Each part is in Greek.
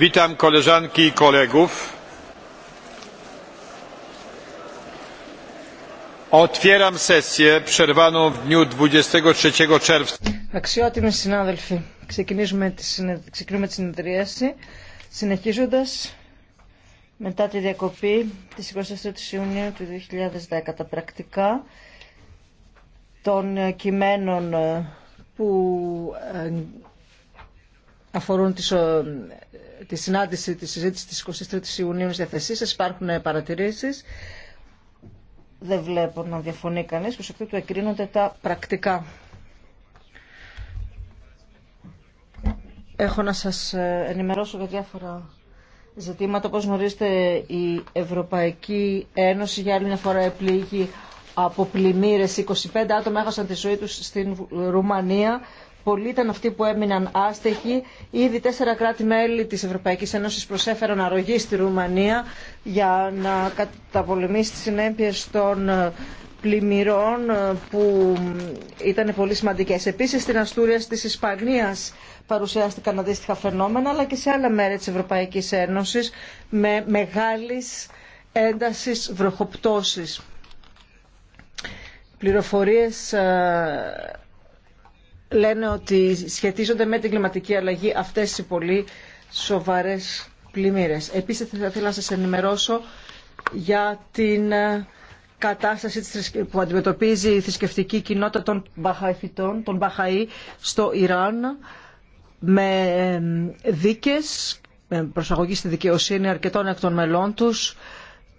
Witam koleżanki i kolegów. Otwieram sesję przerwaną w dniu 23 czerwca. Αξιότιμοι συνάδελφοι, ξεκινήσουμε τη, ξεκινούμε τη συνεδρίαση συνεχίζοντας μετά τη διακοπή τη 24 η Ιουνίου του 2010 τα πρακτικά των κειμένων ε, που ε, αφορούν τη συνάντηση, τη συζήτηση της 23ης Ιουνίου της Διαθεσής. σας. Υπάρχουν παρατηρήσεις. Δεν βλέπω να διαφωνεί κανείς. Προς εκ του εκκρίνονται τα πρακτικά. Έχω να σας ε, ενημερώσω για διάφορα ζητήματα. Όπως γνωρίζετε η Ευρωπαϊκή Ένωση για άλλη μια φορά επλήγει από πλημμύρες. 25 άτομα έχασαν τη ζωή τους στην Ρουμανία πολλοί ήταν αυτοί που έμειναν άστεχοι. Ήδη τέσσερα κράτη-μέλη της Ευρωπαϊκής Ένωσης προσέφεραν αρρωγή στη Ρουμανία για να καταπολεμήσει τις συνέπειες των ε, πλημμυρών ε, που ήταν πολύ σημαντικές. Επίσης στην Αστούρια της Ισπανίας παρουσιάστηκαν αντίστοιχα φαινόμενα αλλά και σε άλλα μέρη της Ευρωπαϊκής Ένωσης με μεγάλης έντασης βροχοπτώσει. Πληροφορίες ε, λένε ότι σχετίζονται με την κλιματική αλλαγή αυτές οι πολύ σοβαρές πλημμύρες. Επίσης θα ήθελα να σας ενημερώσω για την ε, κατάσταση που αντιμετωπίζει η θρησκευτική κοινότητα των Μπαχαϊφιτών, των Μπαχαΐ στο Ιράν με δίκες, με προσαγωγή στη δικαιοσύνη αρκετών εκ των μελών τους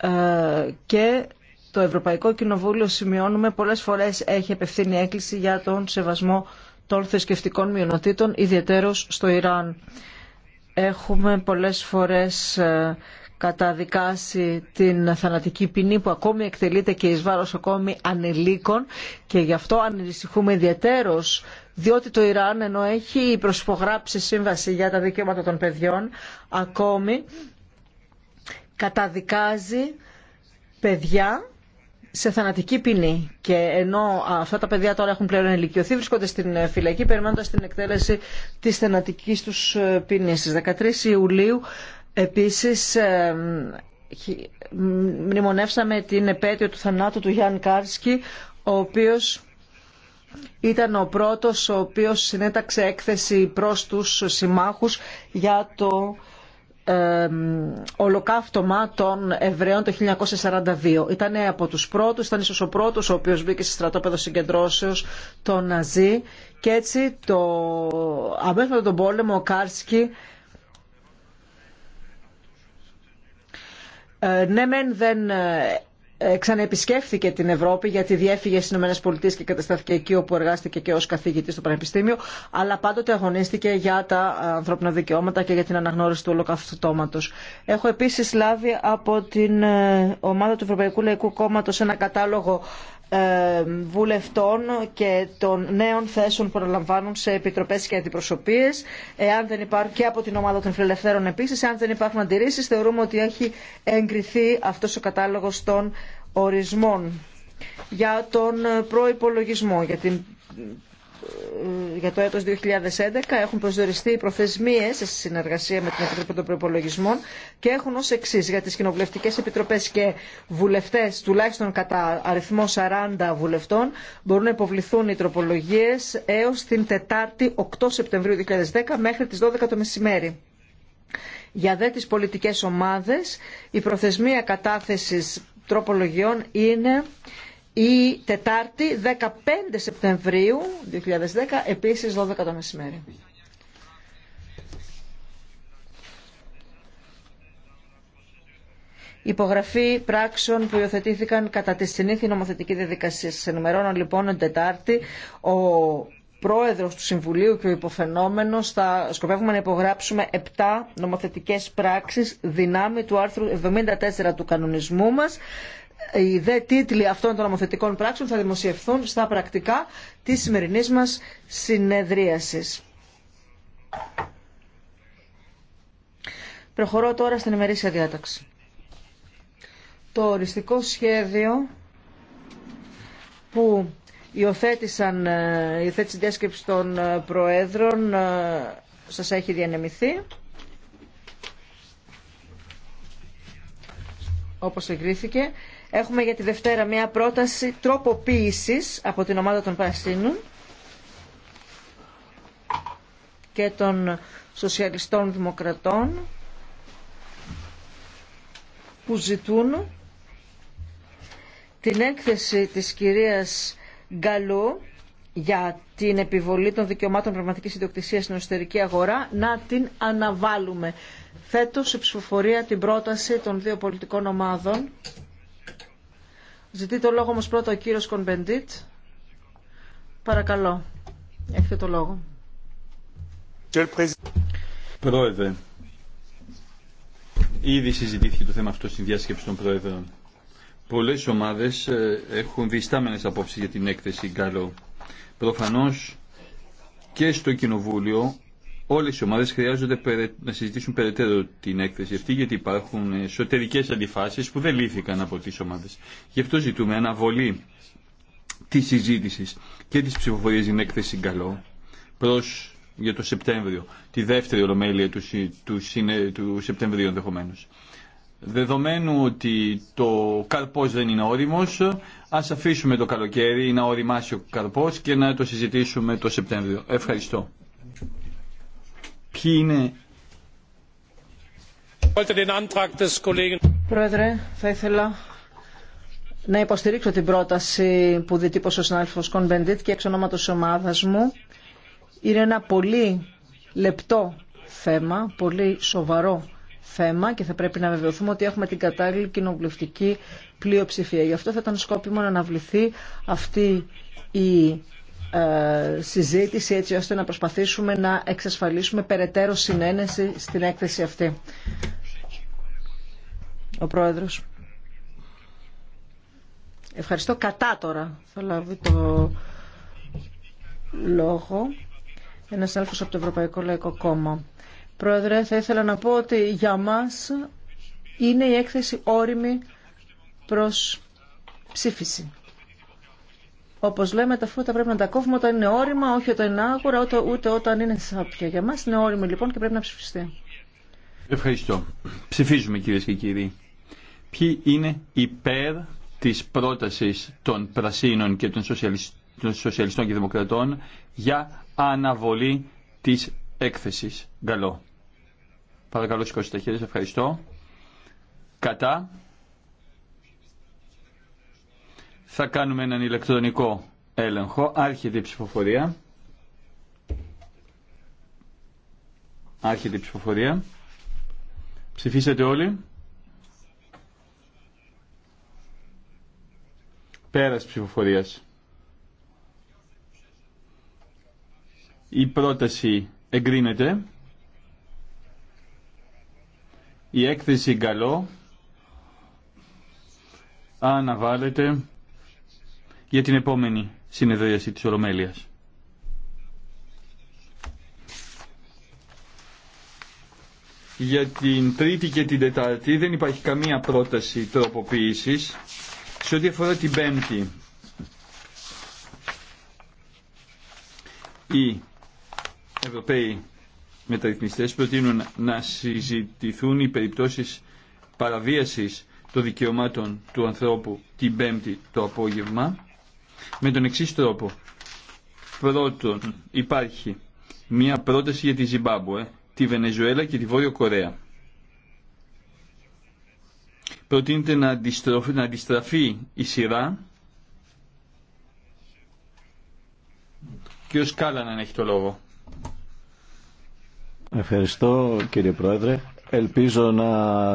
ε, και το Ευρωπαϊκό Κοινοβούλιο σημειώνουμε πολλές φορές έχει επευθύνει έκκληση για τον σεβασμό των θρησκευτικών μειονοτήτων, ιδιαίτερως στο Ιράν. Έχουμε πολλές φορές ε, καταδικάσει την θανατική ποινή που ακόμη εκτελείται και εις βάρος ακόμη ανελίκων και γι' αυτό ανησυχούμε ιδιαίτερως διότι το Ιράν ενώ έχει προσυπογράψει σύμβαση για τα δικαιώματα των παιδιών ακόμη καταδικάζει παιδιά σε θανατική ποινή και ενώ αυτά τα παιδιά τώρα έχουν πλέον ελικιωθεί, βρίσκονται στην ε, φυλακή περιμένοντας την εκτέλεση της θανατικής τους ε, ποινής. Στις 13 Ιουλίου επίσης ε, μνημονεύσαμε την επέτειο του θανάτου του Γιάννη Κάρσκι ο οποίος ήταν ο πρώτος ο οποίος συνέταξε έκθεση προς τους συμμάχους για το ολοκαύτωμα των Εβραίων το 1942. Ήταν από τους πρώτους, ήταν ίσως ο πρώτος ο οποίος μπήκε σε στρατόπεδο συγκεντρώσεως των Ναζί και έτσι το, αμέσως τον πόλεμο ο Κάρσκι ε, ναι μεν δεν ε, ε, ξαναεπισκέφθηκε την Ευρώπη γιατί διέφυγε στι ΗΠΑ και καταστάθηκε εκεί όπου εργάστηκε και ω καθηγητή στο Πανεπιστήμιο, αλλά πάντοτε αγωνίστηκε για τα ανθρώπινα δικαιώματα και για την αναγνώριση του ολοκαυτώματο. Έχω επίση λάβει από την ε, ομάδα του Ευρωπαϊκού Λαϊκού Κόμματο ένα κατάλογο ε, βουλευτών και των νέων θέσεων που αναλαμβάνουν σε επιτροπέ και αντιπροσωπείε. Εάν δεν υπάρχουν και από την ομάδα των φιλελευθέρων επίση, εάν δεν υπάρχουν αντιρρήσει, θεωρούμε ότι έχει εγκριθεί αυτό ο κατάλογο των ορισμών για τον προπολογισμό. για την για το έτος 2011 έχουν προσδιοριστεί οι προθεσμίες σε συνεργασία με την Επιτροπή των Προπολογισμών και έχουν ως εξή για τις κοινοβουλευτικέ επιτροπές και βουλευτές τουλάχιστον κατά αριθμό 40 βουλευτών μπορούν να υποβληθούν οι τροπολογίες έως την Τετάρτη 8 Σεπτεμβρίου 2010 μέχρι τις 12 το μεσημέρι. Για δε τις πολιτικές ομάδες η προθεσμία κατάθεσης τροπολογιών είναι η Τετάρτη, 15 Σεπτεμβρίου 2010, επίσης 12 το μεσημέρι. Υπογραφή πράξεων που υιοθετήθηκαν κατά τη συνήθεια νομοθετική διαδικασία. Σας ενημερώνω λοιπόν την Τετάρτη ο πρόεδρος του Συμβουλίου και ο υποφαινόμενος θα σκοπεύουμε να υπογράψουμε 7 νομοθετικές πράξεις δυνάμει του άρθρου 74 του κανονισμού μας οι δε τίτλοι αυτών των νομοθετικών πράξεων θα δημοσιευθούν στα πρακτικά της σημερινής μας συνεδρίασης. Προχωρώ τώρα στην ημερήσια διάταξη. Το οριστικό σχέδιο που υιοθέτησαν, ε, οι η διάσκεψη των ε, Προέδρων ε, σας έχει διανεμηθεί. όπως εγκρίθηκε. Έχουμε για τη Δευτέρα μια πρόταση τροποποίησης από την ομάδα των Παστίνων και των Σοσιαλιστών Δημοκρατών που ζητούν την έκθεση της κυρίας Γκαλού για την επιβολή των δικαιωμάτων πραγματικής ιδιοκτησίας στην εσωτερική αγορά να την αναβάλουμε. Θέτω σε ψηφοφορία την πρόταση των δύο πολιτικών ομάδων. Ζητεί το λόγο όμως πρώτα ο κύριος Κονπεντίτ. Παρακαλώ. Έχετε το λόγο. Πρόεδρε, ήδη συζητήθηκε το θέμα αυτό στην διάσκεψη των Πρόεδρων. Πολλές ομάδες ε, έχουν διστάμενες απόψεις για την έκθεση Γκάλο Προφανώς και στο Κοινοβούλιο όλες οι ομάδες χρειάζονται να συζητήσουν περαιτέρω την έκθεση αυτή γιατί υπάρχουν εσωτερικές αντιφάσεις που δεν λύθηκαν από τις ομάδες. Γι' αυτό ζητούμε αναβολή τη συζήτηση και της ψηφοφορίας την έκθεση καλό προς για το Σεπτέμβριο, τη δεύτερη ολομέλεια του, του, του Σεπτεμβρίου ενδεχομένω. Δεδομένου ότι το καρπός δεν είναι όριμος, ας αφήσουμε το καλοκαίρι να οριμάσει ο καρπός και να το συζητήσουμε το Σεπτέμβριο. Ευχαριστώ. Ποιοι είναι... Πρόεδρε, θα ήθελα να υποστηρίξω την πρόταση που διτύπωσε ο συνάδελφος Κον και εξ ονόματος ομάδας μου. Είναι ένα πολύ λεπτό θέμα, πολύ σοβαρό θέμα και θα πρέπει να βεβαιωθούμε ότι έχουμε την κατάλληλη κοινοβουλευτική πλειοψηφία. Γι' αυτό θα ήταν σκόπιμο να αναβληθεί αυτή η ε, συζήτηση έτσι ώστε να προσπαθήσουμε να εξασφαλίσουμε περαιτέρω συνένεση στην έκθεση αυτή. Ο Πρόεδρος. Ευχαριστώ. Κατά τώρα θα λάβει το λόγο ένας άλφος από το Ευρωπαϊκό Λαϊκό Κόμμα. Πρόεδρε, θα ήθελα να πω ότι για μας είναι η έκθεση όριμη προς ψήφιση. Όπως λέμε, τα φρούτα πρέπει να τα κόβουμε όταν είναι όριμα, όχι όταν είναι άγουρα, ούτε, ούτε όταν είναι σάπια. Για μας είναι όριμο λοιπόν και πρέπει να ψηφιστεί. Ευχαριστώ. Ψηφίζουμε κυρίε και κύριοι. Ποιοι είναι υπέρ της πρότασης των Πρασίνων και των Σοσιαλιστών και Δημοκρατών για αναβολή της έκθεσης. Καλό. Παρακαλώ σηκώστε τα χέρια. Ευχαριστώ. Κατά. Θα κάνουμε έναν ηλεκτρονικό έλεγχο. Άρχεται η ψηφοφορία. Άρχεται η ψηφοφορία. Ψηφίσατε όλοι. Πέρας ψηφοφορίας. Η πρόταση εγκρίνεται. Η έκθεση «Καλό» αναβάλλεται για την επόμενη συνεδρίαση της Ολομέλειας. Για την Τρίτη και την Τετάρτη δεν υπάρχει καμία πρόταση τροποποίησης. Σε ό,τι αφορά την Πέμπτη, οι Ευρωπαίοι μεταρρυθμιστές προτείνουν να συζητηθούν οι περιπτώσεις παραβίασης των δικαιωμάτων του ανθρώπου την Πέμπτη το απόγευμα με τον εξής τρόπο. Πρώτον, υπάρχει μία πρόταση για τη Ζιμπάμπουε, τη Βενεζουέλα και τη Βόρεια Κορέα. Προτείνεται να, να αντιστραφεί η σειρά. ο σκάλα να έχει το λόγο. Ευχαριστώ κύριε Πρόεδρε. Ελπίζω να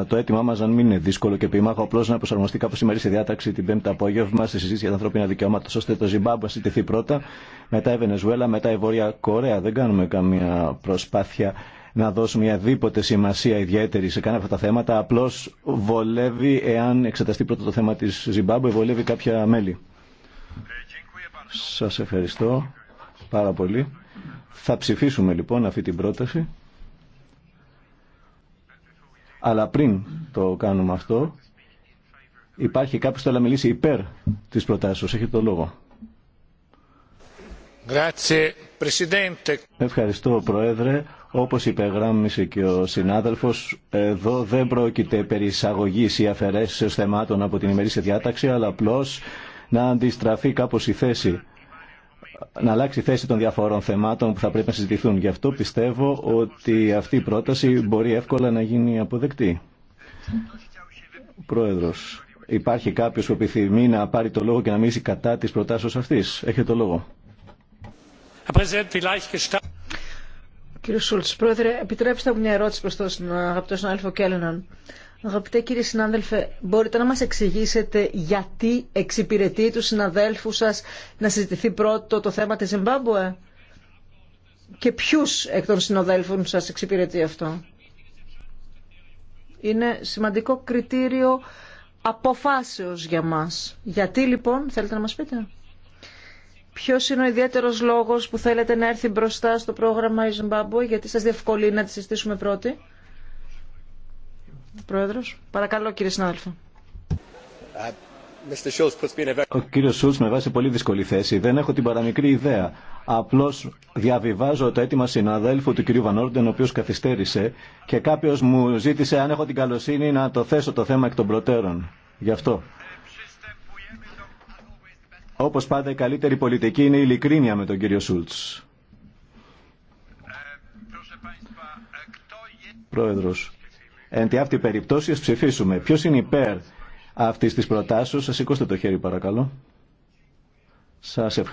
το αίτημά μα να μην είναι δύσκολο και ποιημάχο απλώ να προσαρμοστεί κάπω σήμερα στη διάταξη την Πέμπτη απόγευμα στη συζήτηση για τα ανθρώπινα δικαιώματα, ώστε το Ζιμπάμπου να συντηθεί πρώτα, μετά η Βενεζουέλα, μετά η Βόρεια Κορέα. Δεν κάνουμε καμία προσπάθεια να δώσουμε οποιαδήποτε σημασία ιδιαίτερη σε κανένα αυτά τα θέματα. Απλώ βολεύει, εάν εξεταστεί πρώτα το θέμα τη Ζιμπάμπου, βολεύει κάποια μέλη. Σα ευχαριστώ πάρα πολύ. Θα ψηφίσουμε λοιπόν αυτή την πρόταση. Αλλά πριν το κάνουμε αυτό, υπάρχει κάποιος που θέλει να μιλήσει υπέρ της προτάσεως. Έχετε το λόγο. Ευχαριστώ, Πρόεδρε. Όπως υπεγράμμισε και ο συνάδελφος, εδώ δεν πρόκειται περί εισαγωγής ή αφαιρέσεως θεμάτων από την ημερήσια διάταξη, αλλά απλώς να αντιστραφεί κάπως η θέση να αλλάξει θέση των διαφορών θεμάτων που θα πρέπει να συζητηθούν. Γι' αυτό πιστεύω ότι αυτή η πρόταση μπορεί εύκολα να γίνει αποδεκτή. Πρόεδρος, υπάρχει κάποιος που επιθυμεί να πάρει το λόγο και να μιλήσει κατά της προτάσεως αυτής. Έχετε το λόγο. Κύριε Σούλτς, Πρόεδρε, επιτρέψτε μου μια ερώτηση προς τον αγαπητό συνάδελφο Κέλλεναν. Αγαπητέ κύριε συνάδελφε, μπορείτε να μας εξηγήσετε γιατί εξυπηρετεί του συναδέλφου σας να συζητηθεί πρώτο το θέμα της Ζιμπάμπουε και ποιους εκ των συναδέλφων σας εξυπηρετεί αυτό. Είναι σημαντικό κριτήριο αποφάσεως για μας. Γιατί λοιπόν, θέλετε να μας πείτε. Ποιος είναι ο ιδιαίτερος λόγος που θέλετε να έρθει μπροστά στο πρόγραμμα Ζιμπάμπουε, γιατί σας διευκολύνει να τη συζητήσουμε πρώτη. Πρόεδρος. Παρακαλώ κύριε συνάδελφε. Ο κύριος Σούλτς με βάζει πολύ δύσκολη θέση. Δεν έχω την παραμικρή ιδέα. Απλώς διαβιβάζω το αίτημα συναδέλφου του κυρίου Βανόρντεν, ο οποίος καθυστέρησε και κάποιος μου ζήτησε αν έχω την καλοσύνη να το θέσω το θέμα εκ των προτέρων. Γι' αυτό. Όπως πάντα η καλύτερη πολιτική είναι η ειλικρίνεια με τον κύριο Σούλτ. Πρόεδρος. Εν τη αυτή περιπτώσει ας ψηφίσουμε. Ποιο είναι υπέρ αυτής της προτάσεω, Σας σηκώστε το χέρι παρακαλώ. Σας ευχαριστώ.